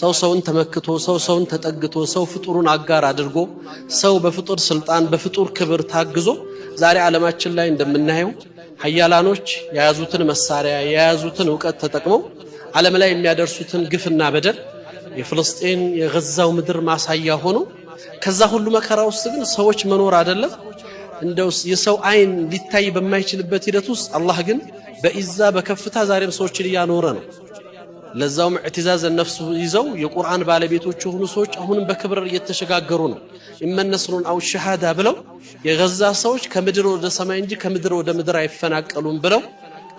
ሰው ሰውን ተመክቶ ሰው ሰውን ተጠግቶ ሰው ፍጡሩን አጋር አድርጎ ሰው በፍጡር ስልጣን በፍጡር ክብር ታግዞ ዛሬ ዓለማችን ላይ እንደምናየው ሀያላኖች የያዙትን መሳሪያ የያዙትን እውቀት ተጠቅመው ዓለም ላይ የሚያደርሱትን ግፍና በደል የፍልስጤን የገዛው ምድር ማሳያ ሆኖ ከዛ ሁሉ መከራ ውስጥ ግን ሰዎች መኖር አይደለም እንደው የሰው አይን ሊታይ በማይችልበት ሂደት ውስጥ አላህ ግን በኢዛ በከፍታ ዛሬም ሰዎችን እያኖረ ነው። ለዛውም እዕትዛዝ ነፍስ ይዘው የቁርአን ባለቤቶች የሆኑ ሰዎች አሁንም በክብር እየተሸጋገሩ ነው። ኢመነስሩን አው ሸሃዳ ብለው የገዛ ሰዎች ከምድር ወደ ሰማይ እንጂ ከምድር ወደ ምድር አይፈናቀሉም ብለው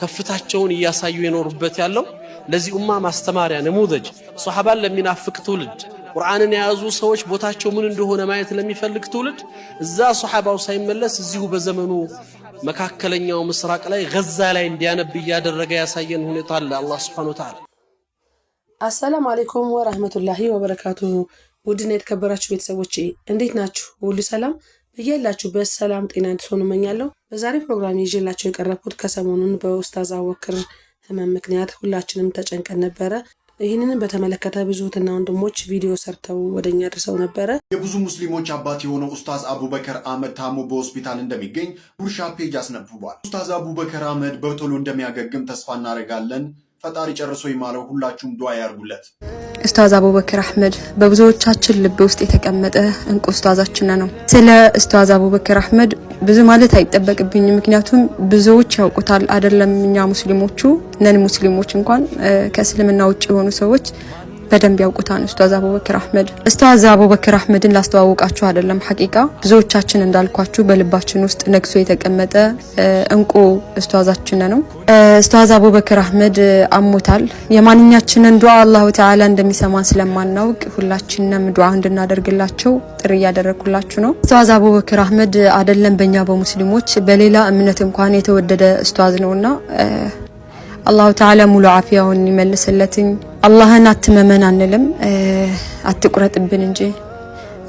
ከፍታቸውን እያሳዩ የኖሩበት ያለው ለዚህ ኡማ ማስተማሪያ ነሙዘጅ፣ ሶሐባን ለሚናፍቅ ትውልድ፣ ቁርአንን የያዙ ሰዎች ቦታቸው ምን እንደሆነ ማየት ለሚፈልግ ትውልድ እዛ ሶሐባው ሳይመለስ እዚሁ በዘመኑ መካከለኛው ምስራቅ ላይ ገዛ ላይ እንዲያነብ እያደረገ ያሳየን ሁኔታ አለ አላህ ሱብሓነሁ ወተዓላ አሰላም አሌይኩም ወራህመቱላሂ ወበረካቱ። ውድና የተከበራችሁ ቤተሰቦች እንዴት ናችሁ? ሁሉ ሰላም እያላችሁ ሰላም ጤና እንድትሆኑ እመኛለሁ። በዛሬ ፕሮግራም ይዤላቸው የቀረብኩት ከሰሞኑን በኡስታዝ አቡበክር ህመም ምክንያት ሁላችንም ተጨንቀን ነበረ። ይህንን በተመለከተ ብዙ እህትና ወንድሞች ቪዲዮ ሰርተው ወደኛ ደርሰው ነበረ። የብዙ ሙስሊሞች አባት የሆነው ኡስታዝ አቡበከር አህመድ ታሞ በሆስፒታል እንደሚገኝ ቡርሻ ፔጅ አስነብቧል። ኡስታዝ አቡበከር አህመድ በቶሎ እንደሚያገግም ተስፋ እናደርጋለን። ፈጣሪ ጨርሶ ይማለው። ሁላችሁም ዱዓ ያርጉለት። እስታዝ አቡበክር አህመድ በብዙዎቻችን ልብ ውስጥ የተቀመጠ እንቁ ኡስታዛችን ነው። ስለ እስታዝ አቡበክር አህመድ ብዙ ማለት አይጠበቅብኝ፣ ምክንያቱም ብዙዎች ያውቁታል። አይደለም እኛ ሙስሊሞቹ ነን ሙስሊሞች እንኳን ከእስልምና ውጭ የሆኑ ሰዎች በደንብ ያውቁታን ኡስታዝ አቡበክር አህመድ። ኡስታዝ አቡበክር አህመድን ላስተዋውቃችሁ አይደለም። ሀቂቃ ብዙዎቻችን እንዳልኳችሁ በልባችን ውስጥ ነግሶ የተቀመጠ እንቁ ኡስታዛችን ነው። ኡስታዝ አቡበክር አህመድ አሞታል። የማንኛችንን ዱዓ አላሁ ተዓላ እንደሚሰማን ስለማናውቅ ሁላችንም ዱዓ እንድናደርግላቸው ጥሪ እያደረግኩላችሁ ነው። ኡስታዝ አቡበክር አህመድ አይደለም በእኛ በሙስሊሞች በሌላ እምነት እንኳን የተወደደ ኡስታዝ ነውና አላሁ ተዓላ ሙሉ አፊያውን ይመልስለትኝ። አላህን አትመመን አንልም፣ አትቁረጥብን እንጂ።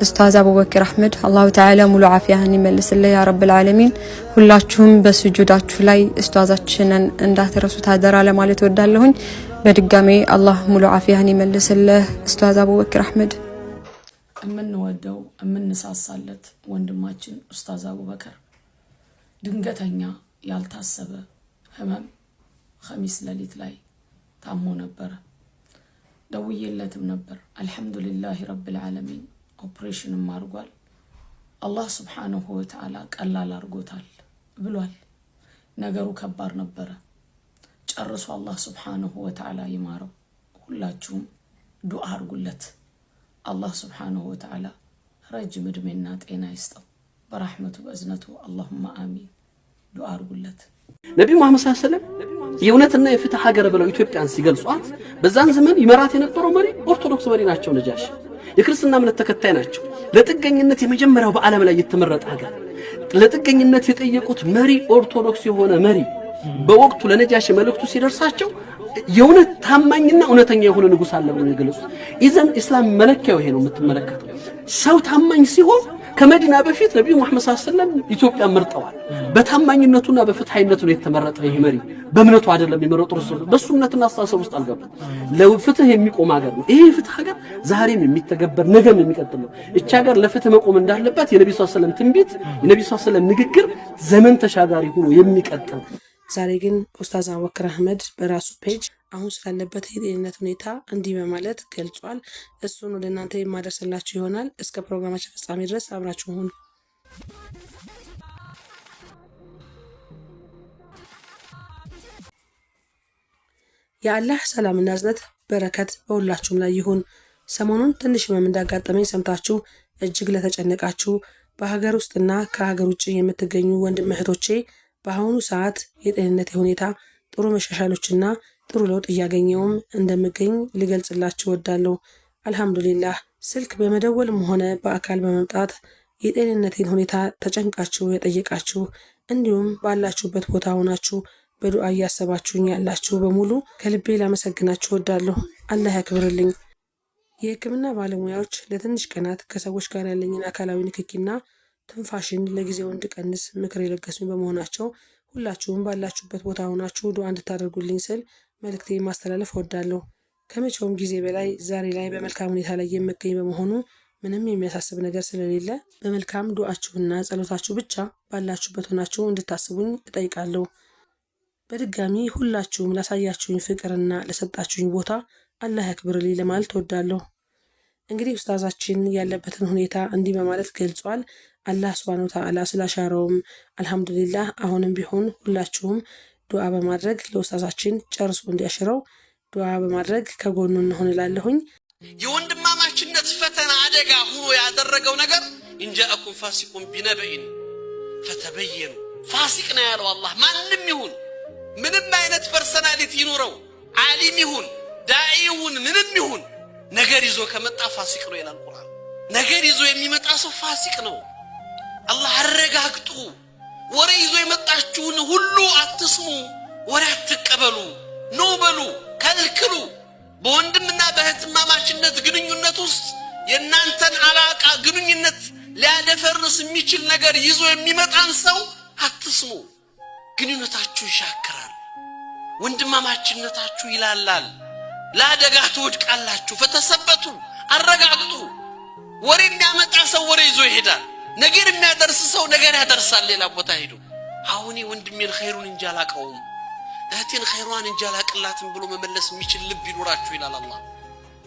ኡስታዝ አቡበክር አህመድ አላሁ ተዓላ ሙሉ ዓፊያን ይመልስልህ ያ ረብል ዓለሚን። ሁላችሁም በስጁዳችሁ ላይ ኡስታዛችንን እንዳትረሱ ታደራ ለማለት ወዳለሁኝ። በድጋሜ አላህ ሙሉ ዓፊያን ይመልስልህ ኡስታዝ አቡበክር አህመድ። የምንወደው የምንሳሳለት ወንድማችን ኡስታዝ አቡበክር ድንገተኛ ያልታሰበ ህመም ኸሚስ ሌሊት ላይ ታሞ ነበረ። ደውዬለትም ነበር። አልሐምዱሊላህ ረብል ዓለሚን ኦፕሬሽንም አድርጓል። አላህ ስብሓንሁ ወተዓላ ቀላል አድርጎታል ብሏል። ነገሩ ከባድ ነበረ ጨርሶ። አላህ ስብሓንሁ ወተዓላ ይማረው። ሁላችሁም ዱዓ አድርጉለት። አላህ ስብሓንሁ ወተዓላ ረጅም ዕድሜና ጤና ይስጠው። በራሕመቱ በእዝነቱ አላሁማ አሚን። ዱዓ አድርጉለት። ነቢዩ መሐመድ ሰለም የእውነትና የፍትህ ሀገር ብለው ኢትዮጵያን ሲገልጿት በዛን ዘመን ይመራት የነበረው መሪ ኦርቶዶክስ መሪ ናቸው። ነጃሽ የክርስትና እምነት ተከታይ ናቸው። ለጥገኝነት የመጀመሪያው በዓለም ላይ የተመረጠ ሀገር ለጥገኝነት የጠየቁት መሪ ኦርቶዶክስ የሆነ መሪ በወቅቱ ለነጃሽ መልእክቱ ሲደርሳቸው የእውነት ታማኝና እውነተኛ የሆነ ንጉሥ አለ ብለው የገለጹት ኢዘን ኢስላም መለኪያው ይሄ ነው። የምትመለከተው ሰው ታማኝ ሲሆን ከመዲና በፊት ነቢዩ መሐመድ ሰለም ኢትዮጵያ መርጠዋል። በታማኝነቱና በፍትሐይነቱ ነው የተመረጠ ይህ መሪ። በእምነቱ አይደለም የመረጡ ርሱ በሱ እምነትና አስተሳሰብ ውስጥ አልገባም። ለፍትህ የሚቆም ሀገር ነው። ይህ ፍትህ ሀገር ዛሬም የሚተገበር ነገም የሚቀጥል ነው። እቺ ሀገር ለፍትህ መቆም እንዳለባት የነቢዩ ሰለም ትንቢት፣ የነቢዩ ሰለም ንግግር ዘመን ተሻጋሪ ሆኖ የሚቀጥል ዛሬ ግን ኡስታዝ አቡበከር አህመድ በራሱ ፔጅ አሁን ስላለበት የጤንነት ሁኔታ እንዲህ በማለት ገልጿል። እሱን ወደ እናንተ የማደርስላችሁ ይሆናል። እስከ ፕሮግራማችን ፍጻሜ ድረስ አብራችሁ ሁኑ። የአላህ ሰላምና እዝነት በረከት በሁላችሁም ላይ ይሁን። ሰሞኑን ትንሽ ህመም እንዳጋጠመኝ ሰምታችሁ እጅግ ለተጨነቃችሁ በሀገር ውስጥና ከሀገር ውጭ የምትገኙ ወንድም እህቶቼ በአሁኑ ሰዓት የጤንነት ሁኔታ ጥሩ መሻሻሎችና ጥሩ ለውጥ እያገኘውም እንደምገኝ ልገልጽላችሁ ወዳለሁ አልሐምዱሊላህ ስልክ በመደወልም ሆነ በአካል በመምጣት የጤንነቴን ሁኔታ ተጨንቃችሁ የጠየቃችሁ እንዲሁም ባላችሁበት ቦታ ሆናችሁ በዱዓ እያሰባችሁኝ ያላችሁ በሙሉ ከልቤ ላመሰግናችሁ ወዳለሁ አላህ ያክብርልኝ። የህክምና ባለሙያዎች ለትንሽ ቀናት ከሰዎች ጋር ያለኝን አካላዊ ንክኪና ትንፋሽን ለጊዜው እንድቀንስ ምክር የለገሱኝ በመሆናቸው ሁላችሁም ባላችሁበት ቦታ ሆናችሁ ዱዓ እንድታደርጉልኝ ስል መልእክቴ ማስተላለፍ እወዳለሁ። ከመቼውም ጊዜ በላይ ዛሬ ላይ በመልካም ሁኔታ ላይ የምገኝ በመሆኑ ምንም የሚያሳስብ ነገር ስለሌለ በመልካም ዱዓችሁና ጸሎታችሁ ብቻ ባላችሁበት ሆናችሁ እንድታስቡኝ እጠይቃለሁ። በድጋሚ ሁላችሁም ላሳያችሁኝ ፍቅርና ለሰጣችሁኝ ቦታ አላህ ያክብርልኝ ለማለት እወዳለሁ። እንግዲህ ኡስታዛችን ያለበትን ሁኔታ እንዲህ በማለት ገልጿል። አላህ ሱብሃነሁ ወተዓላ ስላሻረውም አልሐምዱሊላህ። አሁንም ቢሆን ሁላችሁም ዱዓ በማድረግ ለውስጣታችን ጨርሶ እንዲያሽረው ዱዓ በማድረግ ከጎኑ እንሆን እላለሁኝ። የወንድማማችነት ፈተና አደጋ ሁኖ ያደረገው ነገር እንጃአኩም ፋሲቁን ቢነበኢን ፈተበየኑ ፋሲቅ ነው ያለው አላህ። ማንም ይሁን ምንም አይነት ፐርሰናሊቲ ይኑረው፣ ዓሊም ይሁን ዳዒ ይሁን ምንም ይሁን ነገር ይዞ ከመጣ ፋሲቅ ነው ይላል ቁርአን። ነገር ይዞ የሚመጣ ሰው ፋሲቅ ነው። አላህ አረጋግጡ። ወሬ ይዞ የመጣችሁን ሁሉ አትስሙ፣ ወሬ አትቀበሉ፣ ኖ በሉ፣ ከልክሉ። በወንድምና በእህትማማችነት ግንኙነት ውስጥ የእናንተን አላቃ ግንኙነት ሊያደፈርስ የሚችል ነገር ይዞ የሚመጣን ሰው አትስሙ። ግንኙነታችሁ ይሻክራል፣ ወንድማማችነታችሁ ይላላል፣ ለአደጋ ትወድቃላችሁ። ፈተሰበቱ፣ አረጋግጡ። ወሬ የሚያመጣ ሰው ወሬ ይዞ ይሄዳል። ነገን የሚያደርስ ሰው ነገን ያደርሳል። ሌላ ቦታ ሄዶ አሁን ወንድሜን ኸይሩን እንጂ አላቀውም እህቴን ኸይሯን እንጂ አላቅላትም ብሎ መመለስ የሚችል ልብ ይኖራችሁ ይላል አላህ።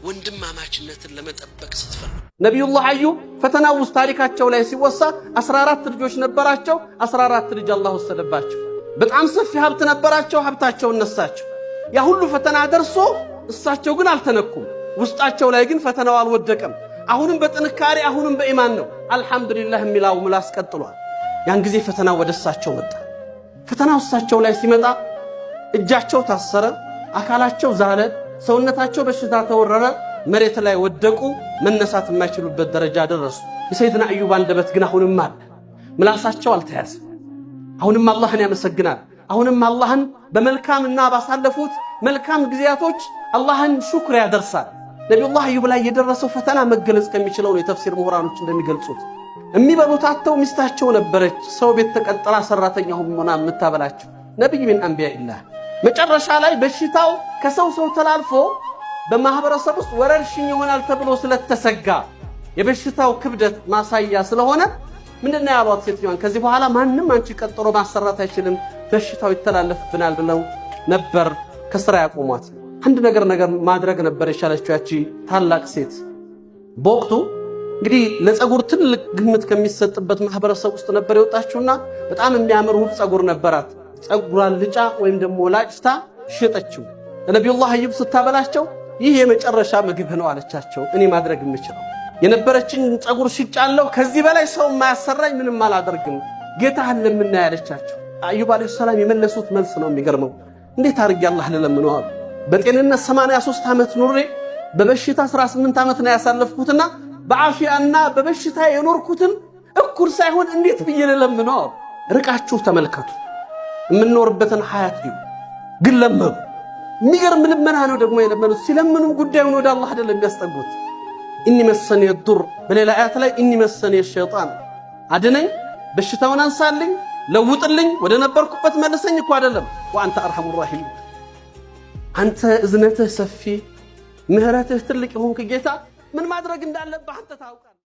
ወንድማማችነትን ለመጠበቅ ስትፈልጉ ነቢዩላህ አዩ ፈተና ውስጥ ታሪካቸው ላይ ሲወሳ 14 ልጆች ነበራቸው። 14 ልጅ አላህ ወሰደባቸው። በጣም ሰፊ ሀብት ነበራቸው። ሀብታቸው እነሳቸው። ያ ሁሉ ፈተና ደርሶ እሳቸው ግን አልተነኩም። ውስጣቸው ላይ ግን ፈተናው አልወደቀም። አሁንም በጥንካሬ አሁንም በኢማን ነው። አልሐምዱሊላህ የሚላው ምላስ ቀጥሏል። ያን ጊዜ ፈተና ወደ እሳቸው መጣ። ፈተናው እሳቸው ላይ ሲመጣ እጃቸው ታሰረ፣ አካላቸው ዛለ፣ ሰውነታቸው በሽታ ተወረረ፣ መሬት ላይ ወደቁ፣ መነሳት የማይችሉበት ደረጃ ደረሱ። የሰይድና አዩብ አንደበት ግን አሁንም አለ፣ ምላሳቸው አልተያዘ። አሁንም አላህን ያመሰግናል። አሁንም አላህን በመልካምና ባሳለፉት መልካም ጊዜያቶች አላህን ሹክር ያደርሳል። ነቢዩላህ አዩብ ላይ የደረሰው ፈተና መገለጽ ከሚችለው ነው። የተፍሲር ምሁራኖች እንደሚገልጹት የሚበሉት አተው ሚስታቸው ነበረች ሰው ቤት ተቀጥራ ሰራተኛ ሆና የምታበላቸው ነቢይ ሚን አንቢያ መጨረሻ ላይ በሽታው ከሰው ሰው ተላልፎ በማህበረሰብ ውስጥ ወረርሽኝ ይሆናል ተብሎ ስለተሰጋ የበሽታው ክብደት ማሳያ ስለሆነ ምንድነው ያሏት ሴትዮዋን፣ ከዚህ በኋላ ማንም አንቺ ቀጥሮ ማሰራት አይችልም፣ በሽታው ይተላለፍብናል ብለው ነበር ከስራ ያቆሟት። አንድ ነገር ነገር ማድረግ ነበር የቻለችው ያቺ ታላቅ ሴት። በወቅቱ እንግዲህ ለፀጉር ትልቅ ግምት ከሚሰጥበት ማህበረሰብ ውስጥ ነበር የወጣችውና በጣም የሚያምር ውብ ፀጉር ነበራት። ፀጉሯን ልጫ ወይም ደግሞ ላጭታ ሸጠችው። ለነቢዩላህ አዩብ ስታበላቸው ይህ የመጨረሻ ምግብ ነው አለቻቸው። እኔ ማድረግ የምችለው የነበረችን ፀጉር ሽጫለሁ፣ ከዚህ በላይ ሰው የማያሰራኝ ምንም አላደርግም፣ ጌታህን ለምና ያለቻቸው። አዩብ ዓለይሂ ሰላም የመለሱት መልስ ነው የሚገርመው። እንዴት አድርጌ አላህ ልለምነው አሉ። በጤንነት 83 ዓመት ኑሬ በበሽታ 18 ዓመት ነው ያሳለፍኩትና በአፊያና በበሽታ የኖርኩትን እኩል ሳይሆን እንዴት ብዬ ልለምነው? ርቃችሁ ተመልከቱ። የምንኖርበትን ሀያት እዩ፣ ግን ለመኑ። የሚገርም ልመና ነው ደግሞ የለመኑት። ሲለምኑም ጉዳዩን ወደ አላህ አይደለም የሚያስጠጉት። እኒ መሰኔ ዱር፣ በሌላ አያት ላይ እኒ መሰን የሸይጣን አድነኝ፣ በሽታውን አንሳልኝ፣ ለውጥልኝ፣ ወደ ነበርኩበት መልሰኝ እኮ አይደለም። ወአንተ አርሐሙ ራሒም አንተ እዝነትህ ሰፊ ምሕረትህ ትልቅ የሆንክ ጌታ ምን ማድረግ እንዳለብህ አንተ ታውቃለህ።